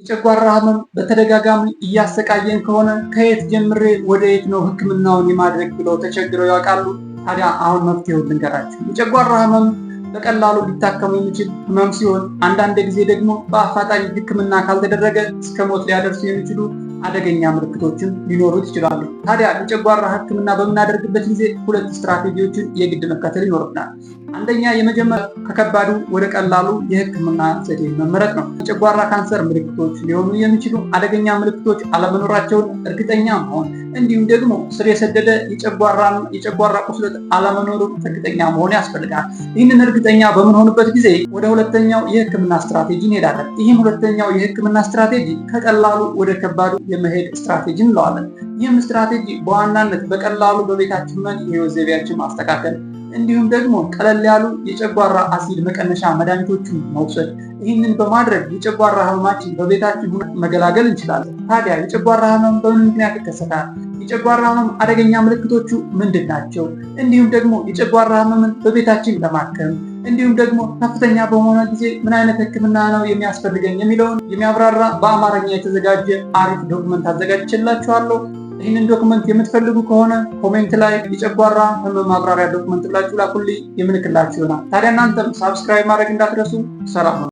የጨጓራ ህመም በተደጋጋሚ እያሰቃየን ከሆነ ከየት ጀምሬ ወደ የት ነው ህክምናውን የማድረግ ብለው ተቸግረው ያውቃሉ? ታዲያ አሁን መፍትሄው ልንገራችሁ። የጨጓራ ህመም በቀላሉ ሊታከሙ የሚችል ህመም ሲሆን አንዳንድ ጊዜ ደግሞ በአፋጣኝ ህክምና ካልተደረገ እስከ ሞት ሊያደርሱ የሚችሉ አደገኛ ምልክቶችን ሊኖሩት ይችላሉ። ታዲያ የጨጓራ ሕክምና በምናደርግበት ጊዜ ሁለት ስትራቴጂዎችን የግድ መከተል ይኖርብናል። አንደኛ የመጀመሪያ ከከባዱ ወደ ቀላሉ የሕክምና ዘዴ መመረጥ ነው። የጨጓራ ካንሰር ምልክቶች ሊሆኑ የሚችሉ አደገኛ ምልክቶች አለመኖራቸውን እርግጠኛ መሆን እንዲሁም ደግሞ ስር የሰደደ የጨጓራ ቁስለት አለመኖሩ እርግጠኛ መሆን ያስፈልጋል። ይህንን እርግጠኛ በምንሆንበት ጊዜ ወደ ሁለተኛው የህክምና ስትራቴጂ እንሄዳለን። ይህም ሁለተኛው የህክምና ስትራቴጂ ከቀላሉ ወደ ከባዱ የመሄድ ስትራቴጂ እንለዋለን። ይህም ስትራቴጂ በዋናነት በቀላሉ በቤታችን መን የህይወት ዘይቤያችን ማስተካከል እንዲሁም ደግሞ ቀለል ያሉ የጨጓራ አሲድ መቀነሻ መድኃኒቶችን መውሰድ። ይህንን በማድረግ የጨጓራ ህመማችን በቤታችን መገላገል እንችላለን። ታዲያ የጨጓራ ህመም በምን ምክንያት ይከሰታል? የጨጓራ ህመም አደገኛ ምልክቶቹ ምንድን ናቸው? እንዲሁም ደግሞ የጨጓራ ህመምን በቤታችን ለማከም እንዲሁም ደግሞ ከፍተኛ በሆነ ጊዜ ምን አይነት ህክምና ነው የሚያስፈልገኝ የሚለውን የሚያብራራ በአማርኛ የተዘጋጀ አሪፍ ዶክመንት አዘጋጅቼላችኋለሁ። ይህንን ዶክመንት የምትፈልጉ ከሆነ ኮሜንት ላይ የጨጓራ ህመም ማብራሪያ ዶክመንት ብላችሁ ላኩልኝ፣ የምንክላችሁ ይሆናል። ታዲያ እናንተም ሳብስክራይብ ማድረግ እንዳትረሱ። ሰላም ነው።